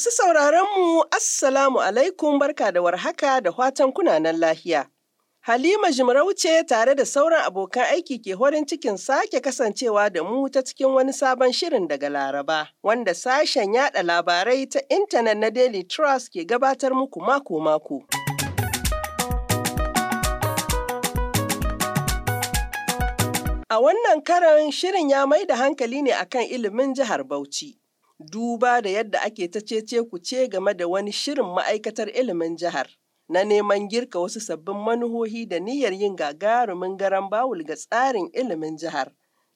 Masu sauraronmu, Assalamu alaikum barka da warhaka da watan kunanan lahiya. Halima Jimarauce tare da sauran abokan aiki ke horin cikin sake kasancewa da mu ta cikin wani sabon shirin daga Laraba, wanda sashen yada labarai ta intanet na Daily Trust ke gabatar muku mako-mako. A wannan karan shirin ya mai da hankali ne akan ilimin jihar Bauchi. duba da yadda ake ta cece ku ce game da wani shirin ma'aikatar ilimin jihar na neman girka wasu sabbin manuhohi da niyyar yin gagarumin garan bawul ga tsarin ilimin jihar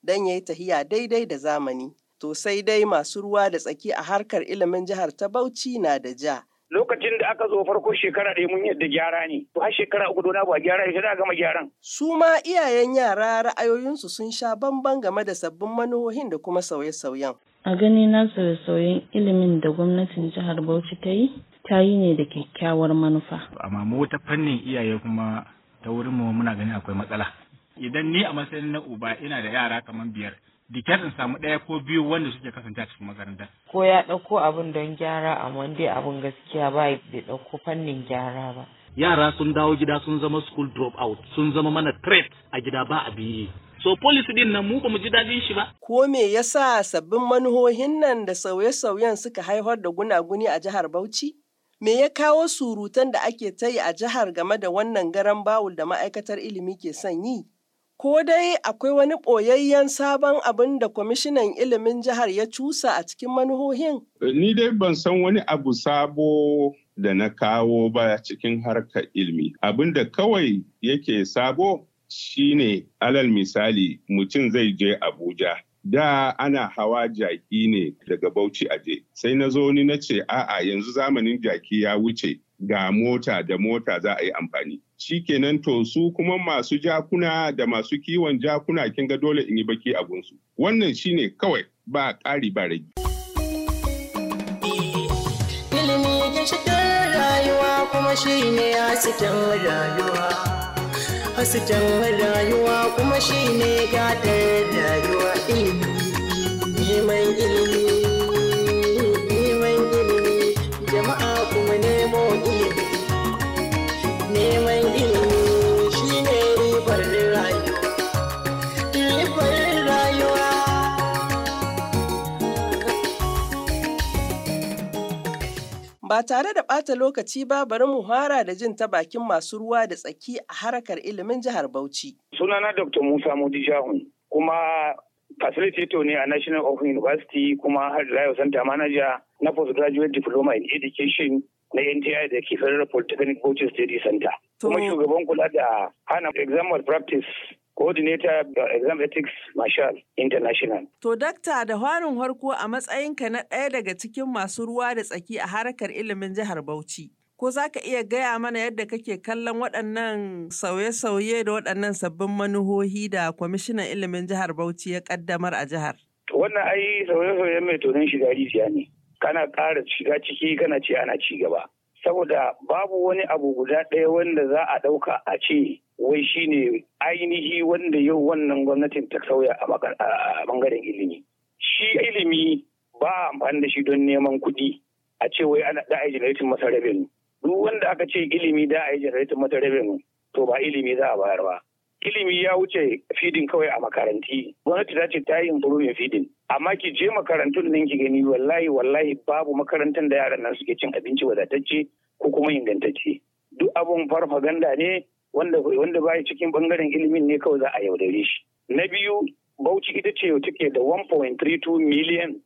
don ya yi tahiya daidai da zamani. To sai dai masu ruwa da tsaki a harkar ilimin jihar ta Bauchi na da ja. lokacin da aka zo farko shekara ɗaya mun yadda gyara ne to har shekara uku dona ba gyara shi gama gyaran. su ma iyayen yara ra'ayoyinsu sun sha bamban game da sabbin manuhohin da kuma sauye-sauyen. a gani na sauye-sauyen ilimin da gwamnatin jihar bauchi ta yi ta yi ne da kyakkyawar manufa amma mu wata fannin iyaye kuma ta wurin mu muna ganin akwai matsala idan ni a matsayin na uba ina da yara kamar biyar dikyar in samu ɗaya ko biyu wanda suke kasance a cikin makaranta. ko ya ɗauko abin don gyara amma dai abin gaskiya ba bai ɗauko fannin gyara ba yara sun dawo gida sun zama school drop out sun zama mana threat a gida ba a biyi So policy din nan mu ba ji dadin shi ba. Ko me yasa sabbin manuhohin nan da sauye-sauyen suka haihar da gunaguni a jihar Bauchi? Me ya kawo surutan da ake ta yi a jihar game da wannan garan bawul da ma'aikatar ilimi ke son yi? Ko dai akwai wani ɓoyayyen sabon abin da kwamishinan ilimin jihar ya cusa a cikin manuhohin? Eh, ni dai ban san wani abu sabo da na kawo ba cikin harkar ilimi. Abin da kawai yake sabo shine alal misali mutum zai je Abuja. Da ana hawa jaki ne daga Bauchi aje, sai na zo ni na ce a'a yanzu zamanin jaki ya wuce ga mota da mota za a yi amfani. kenan to su kuma masu jakuna da masu kiwon jakuna kin ga dole in yi baki abunsu. Wannan shine kawai ba ƙari ba rage. Ilimi rayuwa kuma shine asikin rayuwa. hasken rayuwa kuma shine gadar rayuwa ilimi neman ilimi Ba tare da ɓata lokaci ba bari mu hara da jin ta bakin masu ruwa da tsaki a harkar ilimin jihar Bauchi. Sunana Dr. Musa Modi kuma facilitator ne a National Open University kuma har da Center Manager na Postgraduate Diploma in Education na NTI da ke Federal Polytechnic Bauchi Study Center. Kuma shugaban kula da hana exam Practice. coordinator exam ethics marshal international. To dakta da farin harko a matsayinka na ɗaya daga cikin masu ruwa da tsaki a harkar ilimin jihar Bauchi. Ko za ka iya gaya mana yadda kake kallon waɗannan sauye-sauye da waɗannan sabbin manuhohi da kwamishinan ilimin jihar Bauchi ya ƙaddamar a jihar? Wannan ai sauye-sauye mai tonin shiga rijiya ne. Kana ƙara shiga ciki kana ce ana ci gaba. Saboda babu wani abu guda ɗaya wanda za a ɗauka a ce wai shine ainihi wanda yau wannan gwamnatin ta sauya a bangaren ilimi shi ilimi ba amfani da shi don neman kuɗi a ce wai ana da generating masa revenue duk wanda aka ce ilimi da a generating masa revenue to ba ilimi za a bayar ba ilimi ya wuce fidin kawai a makaranti gwamnati ta ce ta yi improving fidin amma ki je makarantun nan ki gani wallahi wallahi babu makarantar da yaran nan suke cin abinci wadatacce ko kuma ingantacce duk abun farfaganda ne wanda wanda cikin bangaren ilimin ne kawai za a yaudare shi na biyu bauchi ita ce take da 1.32 million uh,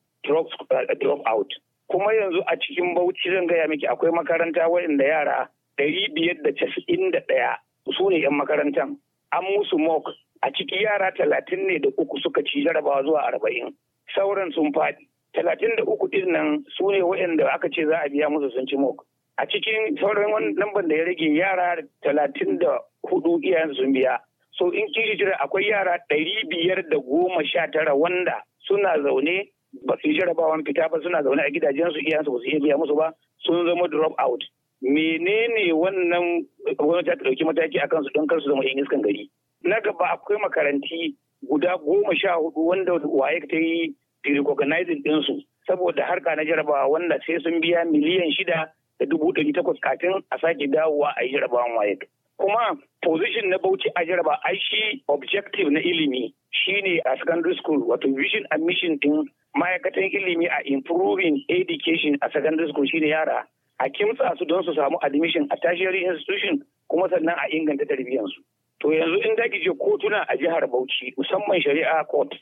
drop out kuma yanzu a cikin bauchi zan gaya miki akwai makaranta waɗanda yara ɗari biyar da casa'in da ɗaya su ne 'yan makarantar an musu mok a ciki yara talatin ne da uku suka ci jarabawa zuwa arba'in sauran sun faɗi talatin da uku ɗin nan su ne waɗanda aka ce za a biya musu sun ci mok a cikin sauran wani lambar da ya rage yara talatin da hudu iyayen sun biya so in jira akwai yara ɗari biyar da goma sha tara wanda suna zaune ba su yi wani fita ba suna zaune a gidajensu iyayensu ba su iya biya musu ba sun zama drop out menene wannan gwamnati ta ɗauki mataki akan su don kar su zama yan iskan gari na gaba akwai makaranti guda goma sha hudu wanda waye ta yi recognizing ɗinsu saboda harka na jarabawa wanda sai sun biya miliyan shida da dubu ɗari takwas kafin a sake dawowa a yi jarabawan waye kuma position na bauchi a jaraba ai shi objective na ilimi shine a secondary school wato vision and mission din ma'aikatan ilimi a improving education a secondary school shine yara a kimtsa su don su samu admission a tertiary institution kuma sannan a inganta tarbiyyansu to yanzu in zaki je kotuna a jihar Bauchi musamman shari'a court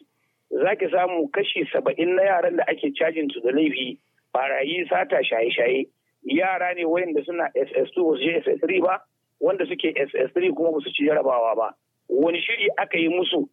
zaki samu kashi saba'in na yaran da ake cajin su da laifi barayi sata shaye-shaye yara ne wayanda suna SS2 ba su je SS3 ba wanda suke SS3 kuma ba su ci jarabawa ba wani shiri aka yi musu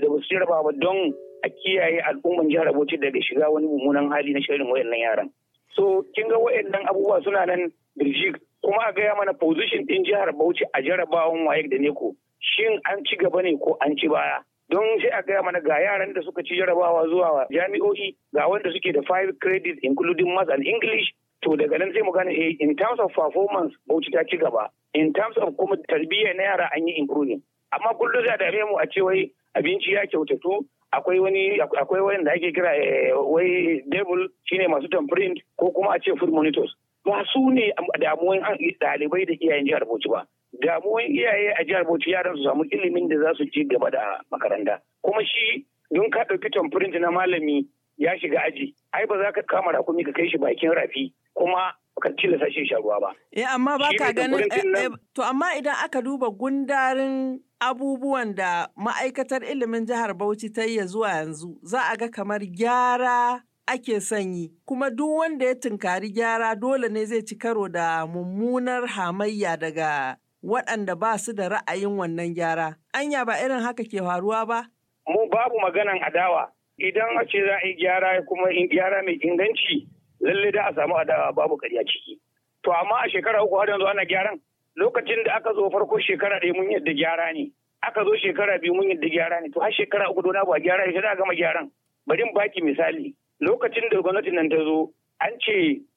da ba su jarabawa ba don a kiyaye al'umman jihar Bauchi daga shiga wani mummunan hali na shirin wayannan yaran so kin ga wayannan abubuwa suna nan birjik kuma a gaya mana position din jihar Bauchi a jarabawan waye da neko shin an ci gaba ne ko an ci baya don sai a gaya mana ga yaran da suka ci jarabawa zuwa jami'o'i ga wanda suke da five credits including math and english to daga nan zai mu gane eh in terms of performance Bauchi ta ci gaba in terms of kuma tarbiyya na yara an yi improving amma kullum za dame mu a ce wai abinci ya kyautatu akwai wani akwai wani da ake kira eh, wai devil shine masu tamprint ko kuma a ce food monitors ba su ne damuwan ɗalibai da iyayen jihar Bauchi ba damuwan iyaye a jihar Bauchi yaran su samu ilimin da za su ci gaba da makaranta kuma shi don ka ɗauki tamprint na malami ya shiga aji ai ba za ka kama rakumi ka kai shi bakin rafi kuma baka tilasta sashen shan ruwa ba. Eh amma ba ka ganin eh, eh, to amma idan aka duba gundarin abubuwan da ma'aikatar ilimin jihar Bauchi ta yi zuwa yanzu za a ga kamar gyara ake sanyi kuma duk wanda ya tunkari gyara dole ne zai ci karo da mummunar hamayya daga waɗanda ba su da ra'ayin wannan gyara. Anya ba irin haka ke faruwa ba? Mu babu maganan adawa idan a ce za a yi gyara kuma gyara mai inganci lalle da a samu a babu a ciki to amma a shekara uku har yanzu ana gyaran lokacin da aka zo farko shekara ɗaya mun yadda gyara ne aka zo shekara biyu mun yadda gyara ne to har shekara uku dona ba gyara ne sai gama gyaran bari in baki misali lokacin da gwamnatin nan ta zo an ce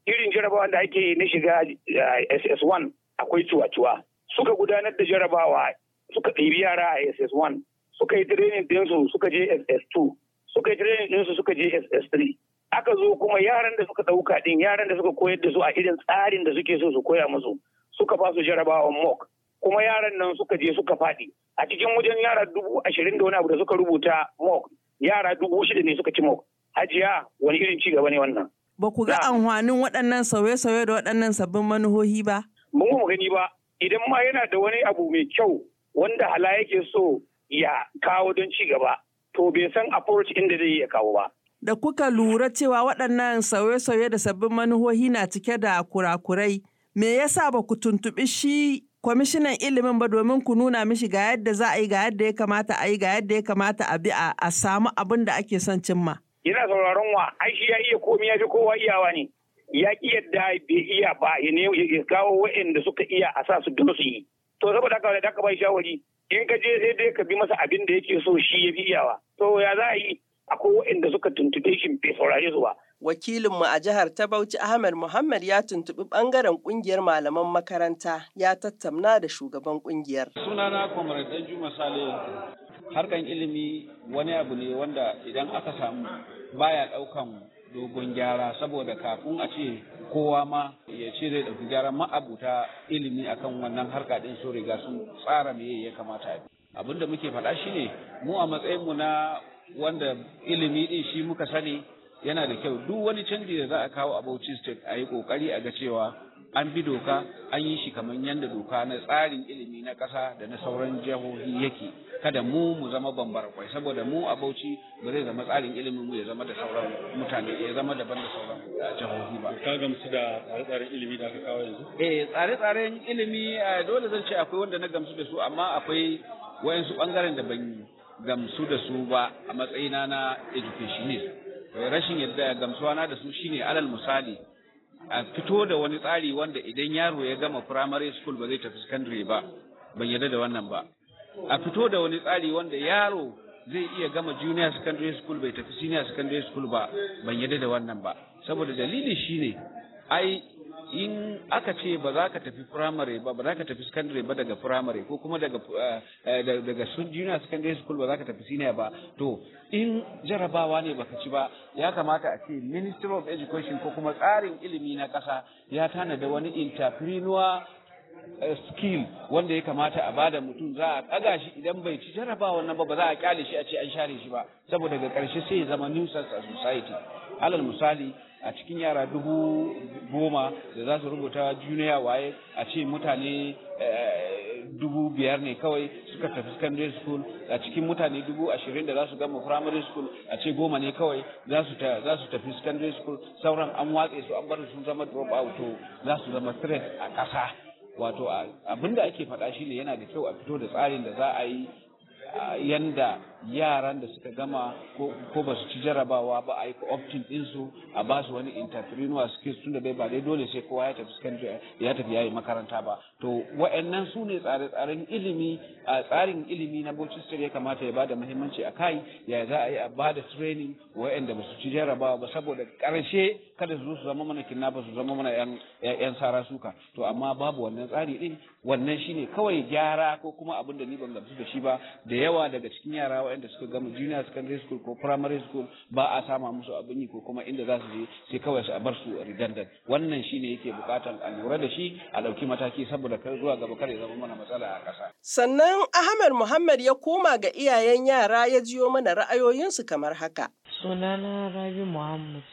irin jarabawa da ake na shiga eh, SS1 akwai tuwa-tuwa. suka gudanar da jarabawa suka ɗebi yara a SS1 suka yi training ɗinsu suka je SS2 suka yi training ɗinsu suka je SS3 aka zo kuma yaran da suka ɗauka ɗin yaran da suka koyar da su a irin tsarin da suke so su koya musu suka ba jarabawan mock kuma yaran nan suka je suka faɗi a cikin wajen yara dubu ashirin da wani abu da suka rubuta mock yara dubu shida ne suka ci mock hajiya wani irin ci gaba ne wannan. ba ku ga amfanin waɗannan sauye-sauye da waɗannan sabbin manuhohi ba. mun mu gani ba idan ma yana da wani abu mai kyau wanda hala yake so ya kawo don ci gaba to bai san approach inda zai yi ya kawo ba. da kuka lura cewa waɗannan sauye-sauye da sabbin manuhohi na cike da kurakurai, me yasa ba ku tuntuɓi shi kwamishinan ilimin ba domin ku nuna mishi ga yadda za a yi ga yadda ya kamata a yi ga yadda ya kamata a bi a samu abin da ake son cimma. Yana sauraron wa, ai shi ya iya komi ya fi kowa iyawa ne. Ya ki yadda bai iya ba ya kawo waɗanda suka iya a sa su don su yi. To saboda haka da aka bai shawari in ka je sai dai ka bi masa abin da yake so shi ya fi iyawa. To ya za a yi akwai waɗanda suka tuntube shi bai saurari zuwa. Wakilinmu a jihar ta Bauchi Ahmed Muhammad ya tuntuɓi ɓangaren ƙungiyar malaman makaranta ya tattauna da shugaban ƙungiyar. Sunana Kwamaradar Juma Masale harkan ilimi wani abu ne wanda idan aka samu baya ɗaukan dogon gyara saboda kafin a ce kowa ma ya ce zai ɗauki gyara ma'abuta ilimi akan wannan harka ɗin sun riga sun tsara me ya kamata abin da muke faɗa shine mu a matsayin mu na wanda ilimi din shi muka sani yana da kyau duk wani canji da za a kawo a Bauchi State a yi kokari a ga cewa an bi doka an yi shi kamar yadda doka na tsarin ilimi na ƙasa da na sauran jihohi yake kada mu mu zama bambarakwai saboda mu a Bauchi ba zai zama tsarin ilimin mu ya zama da sauran mutane ya zama daban da sauran jihohi ba ka gamsu da tsare-tsaren ilimi da aka kawo yanzu eh tsare-tsaren ilimi eh, dole zan ce akwai wanda na gamsu da su amma akwai wayansu bangaren da ban gamsu da su ba a matsayina na educationist rashin yadda gamsuwa na da su shine alal misali a fito da wani tsari wanda idan yaro ya gama primary school ba zai tafi secondary ba ban yadda da wannan ba a fito da wani tsari wanda yaro zai iya gama junior secondary school bai tafi senior secondary school ba ban yadda da wannan ba saboda dalili shine ai in aka ce ba za ka tafi firamare ba ba za ka tafi secondary ba daga firamare ko kuma daga eh, eh, daga junior secondary school ba za ka tafi senior ba to in jarabawa ne baka ci ba ya kamata a ce minister of education ko kuma tsarin ilimi na kasa ya tana da wani entrepreneur eh, skill wanda ya kamata a bada mutum za a ɗaga shi idan bai ci jarabawa nan ba ba za a kyale shi a ce an share shi ba saboda daga ƙarshe sai ya zama nuisance a society alal misali a cikin yara dubu goma da za su rubuta juniya waye a ce mutane eh, dubu biyar ne kawai suka tafi secondary school a cikin mutane dubu ashirin da za su gama primary school a ce goma ne kawai za su tafi secondary school sauran an watse su an bar sun zama drop out za su zama stress a ƙasa wato abinda da ake faɗa shi ne yana da kyau a fito da tsarin da za a yi yanda yaran da suka gama ko ba su ci jarabawa ba a yi optin ɗinsu a ba su wani entrepreneur skills tun da dai ba dai dole sai kowa ya tafi ya tafi yayi makaranta ba to wa'annan su ne tsare-tsaren ilimi a tsarin ilimi na Bauchi ya kamata ya bada muhimmanci a kai ya za a yi a bada training wa'anda ba su ci jarabawa ba saboda ƙarshe kada su su zama mana kinna ba su zama mana yan sara suka to amma babu wannan tsari din wannan shine kawai gyara ko kuma abin da ni ban gamsu da shi ba da yawa daga cikin yara waɗanda suka gama junior secondary school ko primary school ba a sama musu abin yi ko kuma inda za su je sai kawai su bar su redundant wannan shine yake bukatan a lura da shi a ɗauki mataki saboda kar zuwa gaba kar ya zama mana matsala a ƙasa. Sannan Ahmed Muhammad ya koma ga iyayen yara ya jiyo mana ra'ayoyinsu kamar haka. Sunana Rabi Muhammad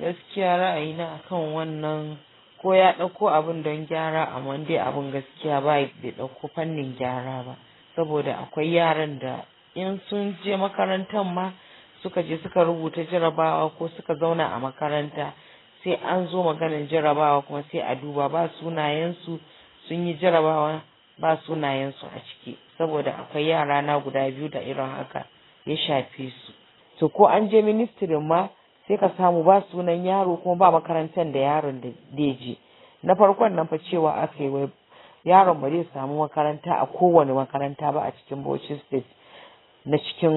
gaskiya ra'ayina akan wannan ko ya ɗauko abin don gyara amma dai abin gaskiya ba bai ɗauko fannin gyara ba saboda akwai yaran da in sun je makarantar ma suka je suka rubuta jarabawa ko suka zauna a makaranta sai an zo maganin jarabawa kuma sai a duba ba sunayensu sun yi jarabawa ba sunayensu a ciki saboda akwai yara na guda biyu da irin haka ya shafe su to ko an je ministirin ma sai ka samu ba sunan yaro kuma ba makarantar da yaron da je na farkon nan fa cewa aka yi yaron ba zai samu makaranta a kowane makaranta ba a cikin Bauchi state na cikin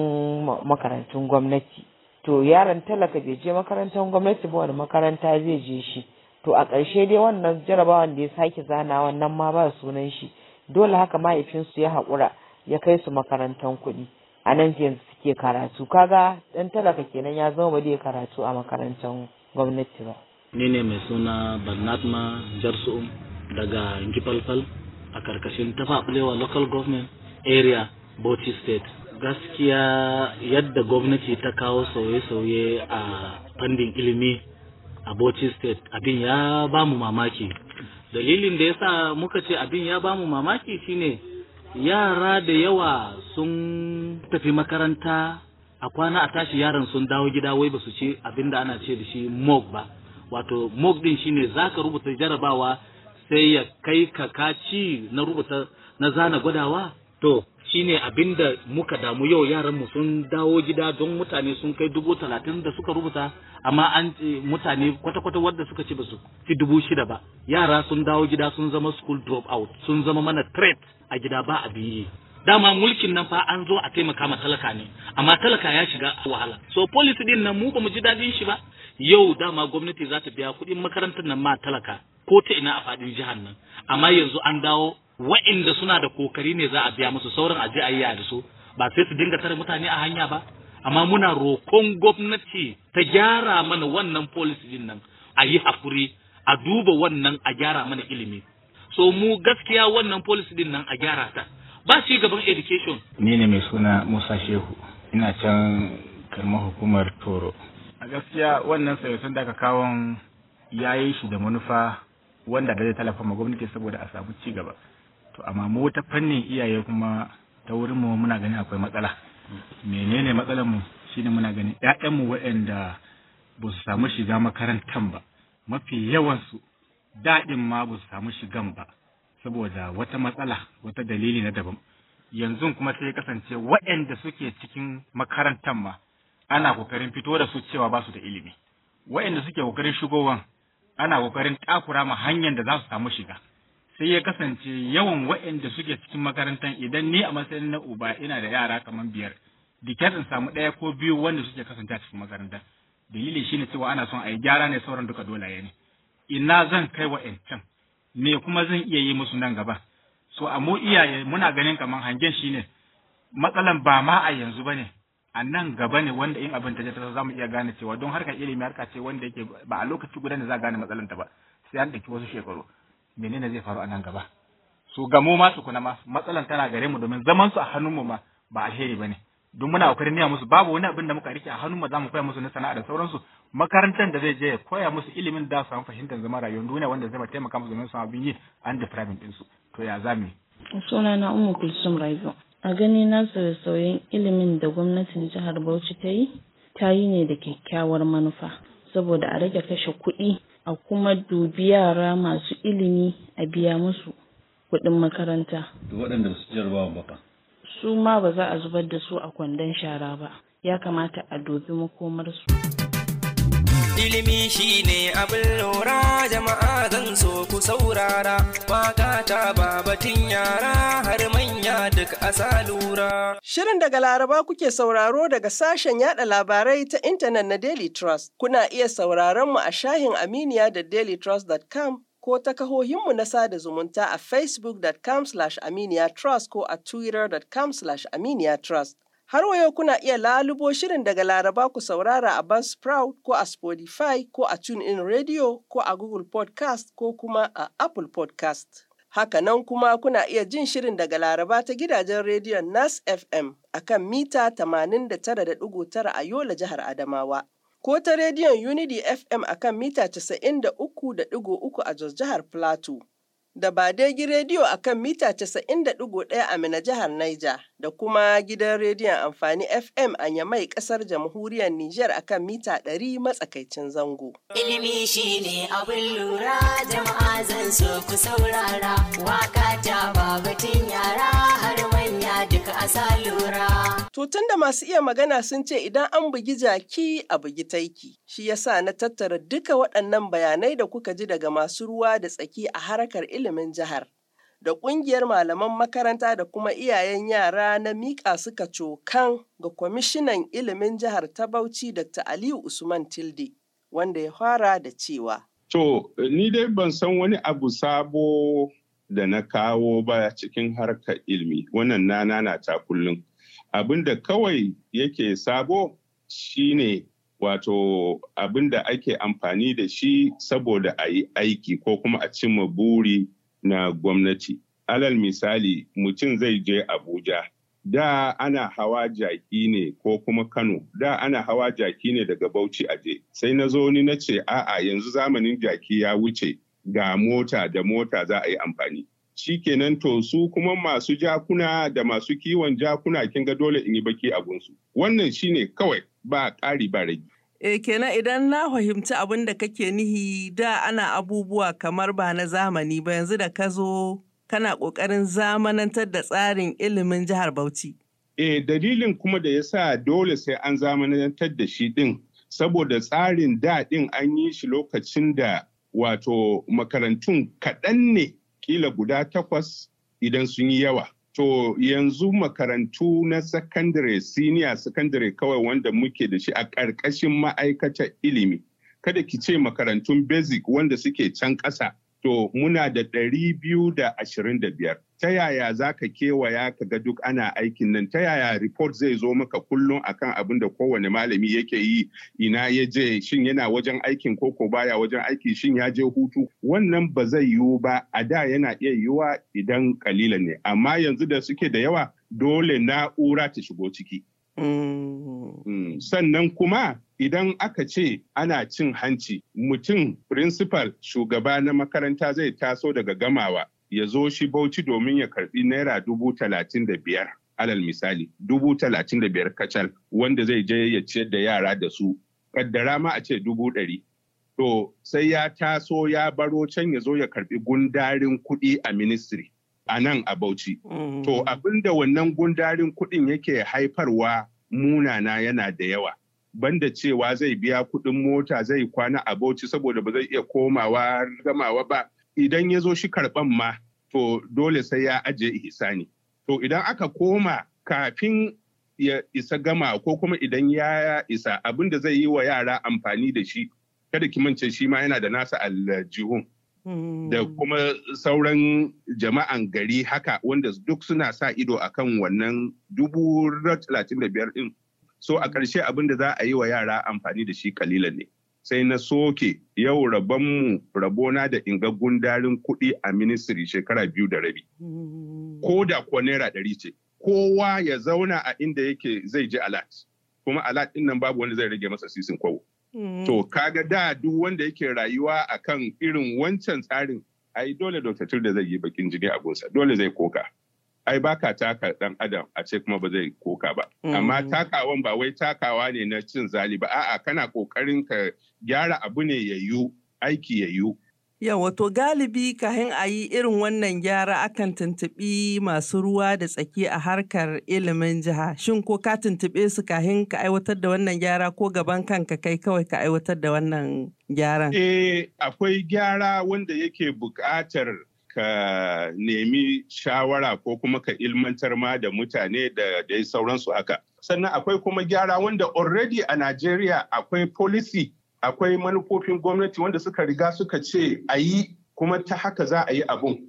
makarantun gwamnati to yaron talaka bai je makarantar gwamnati ba wani makaranta zai je shi to a ƙarshe dai wannan jarabawan da ya sake zana wannan ma ba sunan shi dole haka mahaifinsu ya haƙura ya kai su makarantar kuɗi a nan yanzu suke karatu kaga ɗan talaka kenan ya zama ba zai karatu a makarantar gwamnati ba. ni ne mai suna barnatma jarsu'um daga gifalfal a karkashin tafaɓalewa local government area bauchi state gaskiya yadda gwamnati ta kawo sauye-sauye a fandin ilimi a Bauchi state abin ya ba mu mamaki dalilin da ya sa muka ce abin ya ba mu mamaki shine yara da yawa sun tafi makaranta a kwana a tashi yaran sun dawo gida wai ba su ci abin da ana ce da shi mog ba wato mog din shine ka rubuta jarabawa sai ya kai ka kaci na rubuta na zana gwadawa to shine abinda muka damu yau yaran mu sun dawo gida don mutane sun kai dubu talatin da suka rubuta amma an mutane kwata-kwata wadda suka ci ba su ci dubu shida ba yara sun dawo gida sun zama school drop out sun zama mana threat a gida ba a biyi dama mulkin nan fa an zo a taimaka ma talaka ne amma talaka ya shiga wahala so policy din nan mu ba mu ji dadin shi ba yau dama gwamnati za ta biya kuɗin makarantar nan ma talaka ko ta ina a faɗin jihar nan amma yanzu an dawo wa'inda suna da kokari ne za a biya musu sauran aje a yi da su ba sai su dinga tare mutane a hanya ba amma muna rokon gwamnati ta gyara mana wannan policy din nan a yi hakuri a duba wannan a gyara mana ilimi so mu gaskiya wannan policy din nan a gyara ta ba shi gaban education ni ne mai suna Musa Shehu ina can kalmar hukumar Toro a gaskiya wannan sayosan da aka kawon yayi shi da manufa wanda da zai tallafa ma gwamnati saboda a samu ci gaba to amma mu ta fannin iyaye kuma ta wurin mu muna ganin akwai matsala menene matsalar mu shine muna ganin ƴaƴan mu waɗanda ba su samu shiga makarantan ba mafi yawan su daɗin ma ba su samu shigan ba saboda wata matsala wata dalili na daban yanzu kuma sai kasance waɗanda suke cikin makarantan ma ana kokarin fito da su cewa ba su da ilimi waɗanda suke kokarin shigowan ana kokarin takura ma hanyar da za su samu shiga sai ya kasance yawan waɗanda suke cikin makarantar idan ni a matsayin na uba ina da yara kamar biyar dikyar in samu ɗaya ko biyu wanda suke kasance a cikin makarantar dalili ne cewa ana son a yi gyara ne sauran duka dolaye ne ina zan kai wa'ancan me kuma zan iya yi musu nan gaba so a mu iyaye muna ganin kamar hangen shi ne matsalan ba ma a yanzu ba ne a nan gaba ne wanda in abin ta ta za mu iya gane cewa don harkar ilimi harka ce wanda yake ba a lokaci guda ne za a gane matsalanta ba sai an ɗauki wasu shekaru menene zai faru a nan gaba su ga mu ma kuna ma matsalan tana gare mu domin zaman su a hannun mu ma ba alheri bane don muna kokarin nuna musu babu wani abin da muka rike a hannun mu zamu koya musu na sana'a da sauransu makarantar da zai je ya koya musu ilimin da su samu fahimtar zaman rayuwar duniya wanda zai taimaka musu domin su abin yi an da private din su to ya mu suna na Ummu Kulsum Raizo a gani na sauye ilimin da gwamnatin jihar Bauchi ta yi ta yi ne da kyakkyawar manufa saboda a rage kashe kuɗi a kuma dubi yara masu ilimi a biya musu kuɗin makaranta. waɗanda su jarabawa ba Su ma ba za a zubar da su a kwandon shara ba, ya kamata a dubi makomarsu. ilimi shine abin lura jama'a zan so ku saurara waka ta batun yara har manya duk asa lura shirin daga laraba kuke sauraro daga sashen yada labarai ta intanet na daily trust kuna iya sauraron mu a shahin aminiya da dailytrust.com ko ta kahohinmu na sada zumunta a facebook.com/aminiya trust ko a twitter.com/aminiya trust Har wayo kuna iya lalubo shirin daga Laraba ku saurara a Buzzsprout ko a Spotify ko a TuneIn Radio ko a Google Podcast ko kuma a Apple Podcast. haka nan kuma kuna iya jin shirin daga Laraba ta gidajen rediyon Nas FM a kan mita 89.9 a Yola jihar Adamawa. Ko ta rediyon Unity FM a kan mita 93.3 a Jos jihar Plateau. da Badegi Rediyo a kan mita 90.1 a Mina jihar Niger da kuma gidan rediyon amfani FM a Yamai kasar jamhuriyar nijar a kan mita 100 matsakaicin zango. Ilimi shi ne abin lura jama'a zan so ku saurara waka ta babatin yara har ya duka a salura. To da masu iya magana sun ce idan an bugi jaki a bugi taiki, shi yasa na tattara duka waɗannan bayanai da kuka ji daga masu ruwa da tsaki a harkar ilimin jihar. Da ƙungiyar malaman makaranta da kuma iyayen yara na miƙa suka cokan ga kwamishinan ilimin jihar ta Bauchi Dr. Aliyu Usman Tilde, wanda ya fara da cewa. To, ni dai ban san wani abu sabo da na kawo ba cikin harkar ilmi wannan na nanata kullum abin da kawai yake sabo shine wato abin da ake amfani da shi saboda a yi aiki ko kuma a cimma buri na gwamnati alal misali mutum zai je abuja da ana hawa jaki ne ko kuma kano da ana hawa jaki ne daga bauchi aje sai na zo ni na ce a'a yanzu zamanin jaki ya wuce ga mota da mota za a yi amfani shi kenan to su kuma masu jakuna da masu kiwon jakuna kin ga dole in yi baki a gunsu wannan shine kawai ba ƙari ba rage E eh, kenan idan na fahimci abin da kake nihi da ana abubuwa kamar ba na zamani ba yanzu da ka zo kana ƙoƙarin zamanantar da tsarin ilimin jihar Bauchi. E dalilin kuma da ya sa dole sai an zamanantar da shi ɗin saboda tsarin daɗin an yi shi lokacin da wato makarantun kaɗan ne kila guda takwas idan sun yi yawa. To yanzu makarantu na secondary senior sakandare kawai wanda muke da shi a ƙarƙashin ma'aikatar ilimi. Kada ki ce makarantun basic wanda suke can ƙasa. To muna da ɗari biyu da ashirin da biyar. ta yaya za ka kewaya ka ga duk ana aikin nan ta yaya report zai zo maka kullum akan abin da kowane malami yake yi ina ya je shin yana wajen aikin koko baya wajen aiki shin ya je hutu wannan ba zai yiwu ba a da yana iya yiwuwa idan kalila ne amma yanzu da suke da yawa dole na'ura ta shigo ciki mm. Mm. sannan kuma idan aka ce ana cin hanci mutum principal shugaba na makaranta zai taso daga gamawa ya zo shi bauchi domin ya karbi naira dubu talatin da biyar alal misali dubu talatin da biyar kacal wanda zai je ya ciyar da yara da su kaddara ma a ce dubu ɗari to sai ya taso ya baro can ya zo ya karbi gundarin kuɗi a ministry a nan a bauchi mm. to abinda wannan gundarin kuɗin yake haifarwa munana yana da yawa banda cewa zai biya kuɗin mota zai kwana a bauchi saboda ba zai iya komawa gamawa ba idan ya zo shi karɓan ma to dole sai ya ajiye ihsani to idan aka koma kafin ya isa gama ko kuma idan ya isa abin da zai yi wa yara amfani da shi kada ki mance shi ma yana da nasa aljihun hmm. da kuma sauran jama'an gari haka wanda duk suna sa ido akan wannan dubu talatin da biyar din so a hmm. ƙarshe abin da za a yi wa yara amfani da shi kalilan ne sai na soke yau rabonmu rabona da ingaggun darin kuɗi a ministry shekara biyu da rabi. Ko hmm. da kuwa naira ɗari ce, kowa ya zauna a inda yake zai ji alat, kuma alat ɗin nan babu wanda zai rage masa sisin kwawo. Hmm. To kaga da duk wanda yake rayuwa akan irin wancan tsarin, ai dole da zai yi bakin jini a gunsa, dole zai koka. ai baka taka dan adam a ce kuma ba zai koka ba mm. amma takawan ba wai takawa ne na cin zali ba a'a kana kokarin ka gyara abu ne yayu aiki yayu yawa wato, galibi kahin a yi irin wannan gyara akan tuntuɓi masu ruwa da tsaki a harkar ilimin jiha shin ko ka tuntuɓe su kahin ka aiwatar da wannan gyara ko gaban kanka kai kawai ka aiwatar da wannan gyaran eh akwai gyara wanda yake buƙatar ka nemi shawara ko kuma ka ilmantar ma da mutane da dai sauransu haka. Sannan akwai kuma gyara wanda already a Najeriya akwai policy, akwai manufofin gwamnati wanda suka riga suka ce a yi kuma ta haka za a yi abun.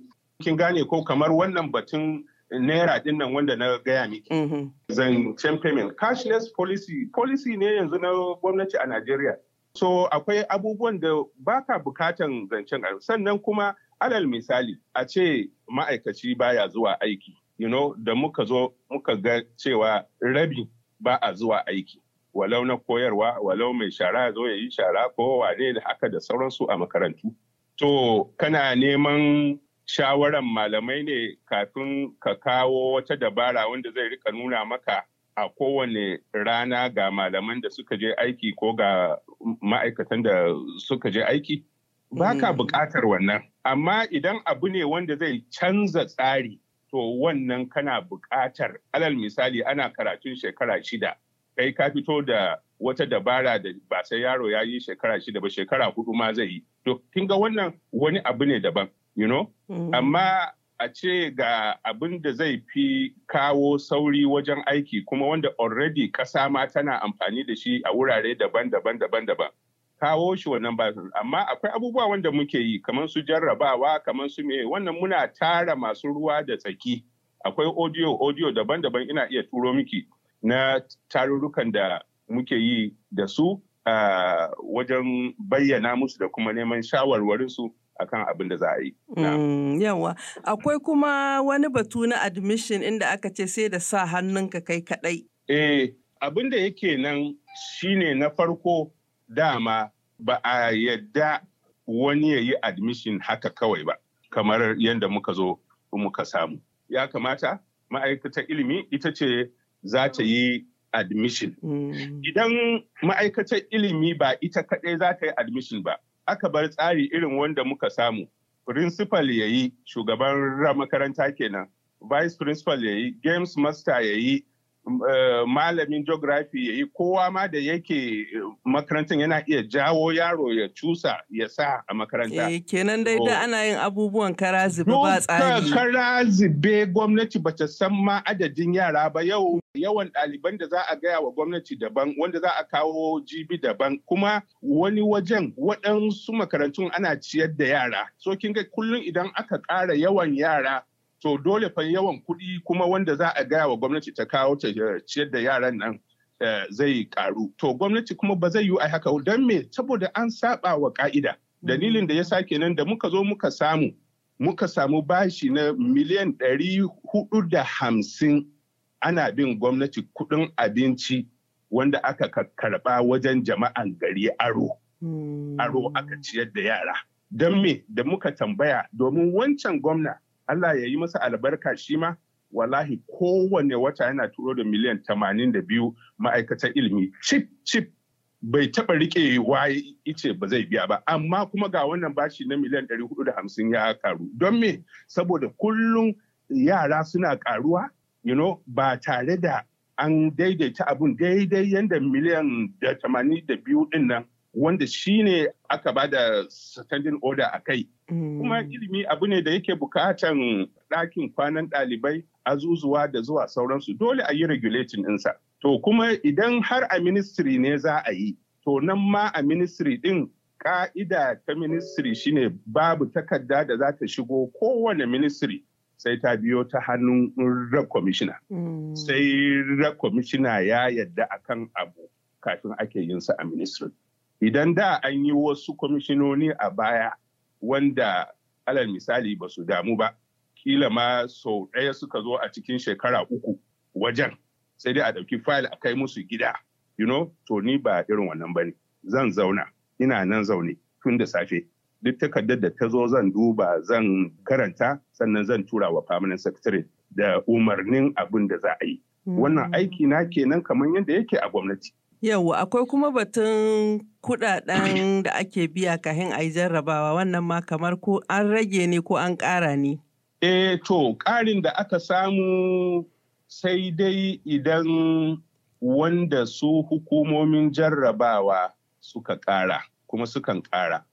Kin gane ko kamar wannan batun naira din nan wanda na gaya miki. Mm-hmm. Zan payment. Cashless policy, policy ne yanzu na gwamnati a Najeriya. So akwai abubuwan da baka bukatan zancen sannan kuma alal misali a ce ma'aikaci baya zuwa aiki you know da muka zo muka ga cewa rabi ba a zuwa aiki walau na koyarwa walau mai shara zo ya yi shara ko wane da haka da sauransu a makarantu to kana neman shawaran malamai ne kafin ka kawo wata dabara wanda zai rika nuna maka a kowane rana ga malaman da suka je aiki ko ga ma'aikatan da suka je aiki baka ka mm. buƙatar wannan amma idan abu ne wanda zai canza tsari to wannan kana bukatar alal misali ana karatun shekara shida kai ka fito da wata dabara da ba sai yaro ya yi shekara shida ba shekara hudu ma zai yi to kin ga wannan wani abu ne daban you know mm. amma a ce ga abin da zai fi kawo sauri wajen aiki kuma wanda already kasa ma tana amfani da shi a wurare daban-daban daban-daban kawo shi wannan ba amma akwai abubuwa wanda muke yi kamar su jarrabawa kamar su me wannan muna tara masu ruwa da tsaki akwai audio audio daban-daban ina iya turo miki na tarurrukan da muke yi da su uh, wajen bayyana musu da kuma neman shawarwarinsu akan abin da za a yi. Mm, Yawa, akwai kuma wani batu na admission inda aka ce sai da sa hannunka kai kadai. Eh, abin da yake nan shine na farko dama ba a yadda wani ya yi admission haka kawai ba kamar yadda muka zo muka samu ya kamata ma'aikatar ilimi ita ce za ta yi admission mm. idan ma'aikatar ilimi ba ita kaɗai za ta yi admission ba aka bar tsari irin wanda muka samu principal ya yi shugaban makaranta kenan vice principal ya yi games master ya yi Eh, malamin geography ya yi kowa ma da yake eh, makarantar yana iya jawo yaro ya cusa ya sa a makaranta. Eh, kenan dai da oh. ana yin abubuwan kara zube ba tsari. kara zube gwamnati bata san ma adadin yara ba yau yawan ɗaliban da za a gaya wa gwamnati daban wanda za a kawo jibi daban kuma wani wajen waɗansu makarantun ana ciyar da yara. So kin ga kullum idan aka ƙara yawan yara To dole fa yawan kuɗi kuma wanda za a gaya wa gwamnati ta kawo ta eh, ciyar da yaran nan eh, zai karu. To gwamnati kuma ba zai yi a haka don me saboda an saba wa ka'ida. Dalilin da ya sake nan, da muka zo muka samu muka samu bashi na miliyan ɗari hudu da hamsin ana bin gwamnati kuɗin abinci wanda aka karɓa wajen jama'an gari aro. Hmm. Aro aka ciyar da yara. Don me da muka tambaya domin wancan gwamna Allah ya yi masa albarka shi ma wallahi kowane wata yana turo da miliyan tamanin da biyu ma'aikatan ilimi chip chip bai taba rike waye ice ba zai biya ba amma kuma ga wannan bashi na miliyan 450 ya karu don me saboda kullum yara suna karuwa you know ba tare da an daidaita abun daidai yadda miliyan 82 din nan wanda shine aka ba da standing order a kai Kuma mm. ilimi abu ne da yake bukatan ɗakin kwanan ɗalibai, azuzuwa da zuwa sauransu dole a yi regulating ɗinsa. To kuma idan har a ministry ne za a yi, to nan ma a ministry ɗin ka'ida ta ministry shine babu takarda da za ta shigo kowane ministry sai ta biyo ta hannun rab commissioner. Mm. Sai rab commissioner ya yadda akan abu kafin ake yinsa a ministry. Idan da an yi wasu kwamishinoni a baya wanda alal misali ba su damu ba kila ma sau ɗaya suka zo a cikin shekara uku wajen sai dai a ɗauki fayil a kai musu gida you know to ni ba irin wannan ba ne zan zauna ina nan zaune tun da safe duk takardar da ta zo zan duba zan karanta sannan zan tura wa permanent secretary da umarnin abin da za a yi wannan hmm. aiki na kenan kamar yadda yake a gwamnati Yawwa akwai kuma batun kuɗaɗen da ake biya kahin a yi jarrabawa wannan ma kamar ko an rage ne ko an ƙara ne? E, to ƙarin da aka samu sai dai idan wanda su hukumomin jarrabawa suka ƙara kuma sukan ƙara.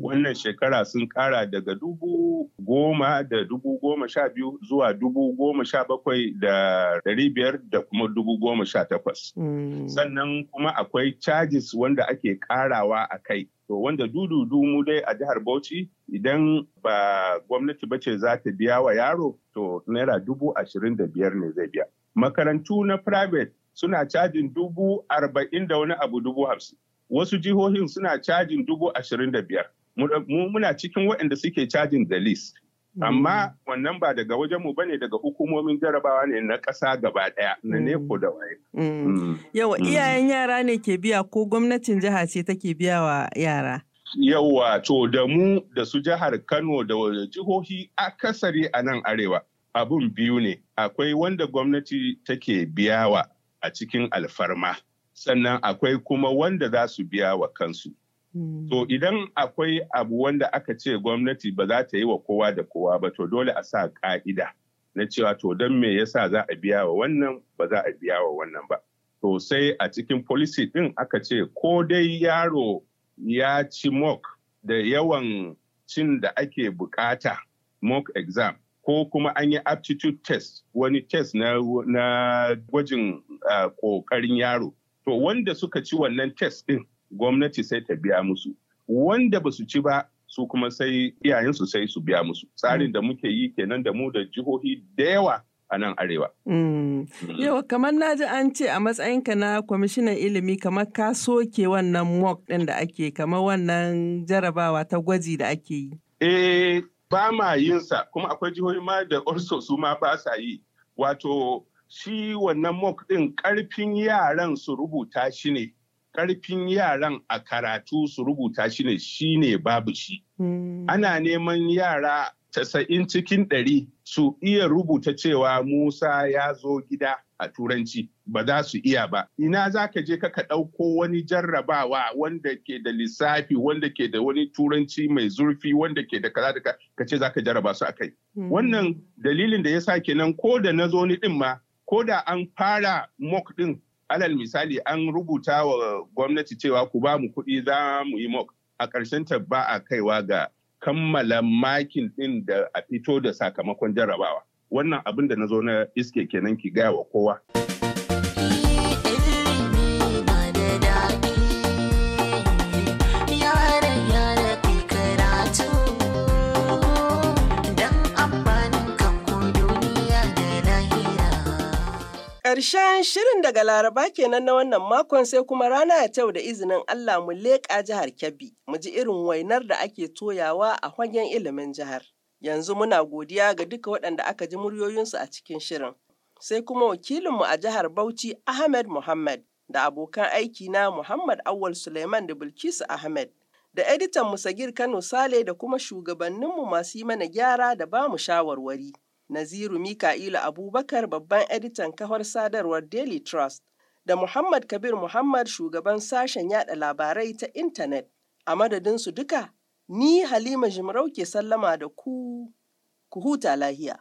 Wannan shekara sun kara daga dubu goma da dubu goma sha biyu zuwa dubu goma sha bakwai da dari biyar da kuma dubu goma sha takwas. Mm. Sannan kuma akwai charges wanda ake karawa a kai. To wanda dududu mu dai a jihar Bauchi idan ba gwamnati ba ce za ta biya wa yaro to naira dubu ashirin da biyar ne zai biya. Makarantu na private suna cajin dubu arba'in da wani abu dubu hamsin. wasu jihohin suna cajin dubu ashirin da biyar mu muna cikin waɗanda suke cajin dalis hmm. amma wannan ba daga wajen mu bane daga hukumomin jarabawa ne na ƙasa gaba ɗaya na hmm. neko da waye. Hmm. yawa iyayen yara ne ke biya ko gwamnatin jiha ce take biya wa yara yawa to da mu da su jihar kano da jihohi akasari a nan arewa abun biyu ne akwai wanda gwamnati take biyawa a cikin alfarma sannan akwai kuma wanda za su biya wa kansu. Hmm. To idan akwai abu wanda aka ce gwamnati ba za ta yi wa kowa da kowa ba to dole a sa ka'ida na cewa to don me yasa za a biya wa wannan ba za a biya wa wannan ba. To sai a cikin policy ɗin aka ce ko dai yaro ya ci mock da yawan cin da ake bukata mock exam ko kuma an yi aptitude test wani test na, gwajin uh, ƙoƙarin yaro. To wanda suka ci wannan test ɗin gwamnati sai ta biya musu. Wanda ba su ci ba su kuma sai iyayensu sai su biya musu. Tsarin da muke yi kenan da mu da jihohi da yawa a nan arewa. Mm. Mm. Yau kamar na ji an ce a matsayinka na kwamishinan ilimi kamar ka soke wannan mock ɗin da ake kamar wannan jarabawa ta gwaji da ake yi. Eh ba ma yinsa kuma akwai jihohi ma da orso su ma ba sa yi. Wato shi wannan mock ɗin karfin yaran su rubuta shi ne ƙarfin yaran a karatu su rubuta shi ne shi ne babu shi hmm. ana neman yara casa'in cikin ɗari su iya rubuta cewa musa ya zo gida a turanci ba za su iya ba ina za ka je ka ɗauko wani jarrabawa wanda ke da lissafi wanda ke da wani turanci mai zurfi wanda ke da kaza da ka ce za ka jarraba su a kai hmm. wannan dalilin da ya sa kenan ko da na zo ni ɗin ma ko da an fara mock din alal misali an rubuta wa gwamnati cewa ku ba mu kuɗi za mu yi mock a ƙarshen ta ba a kaiwa ga kammala makin din da a fito da sakamakon jarabawa wannan abin da na zo na iske kenan ki gaya wa kowa. Ƙarshen shirin daga Laraba kenan na wannan makon sai kuma rana ya tau da izinin Allah mu leƙa jihar Kebbi, mu ji irin wainar da ake toyawa a fagen ilimin jihar. Yanzu muna godiya ga duka waɗanda aka ji muryoyinsu a cikin shirin. Sai kuma wakilinmu a jihar Bauchi Ahmed Muhammad da abokan aiki na Muhammad Awal Suleiman da Bilkisu Ahmed. Da editan mu Sagir Kano Sale da kuma shugabanninmu masu yi mana gyara da ba mu shawarwari. Naziru Mika'ilu Abubakar babban editan kawar sadarwar Daily Trust da Muhammad Kabir Muhammad shugaban sashen yada labarai ta intanet a madadinsu duka, ni Halima Jimarau ke sallama da ku, ku huta lahiya.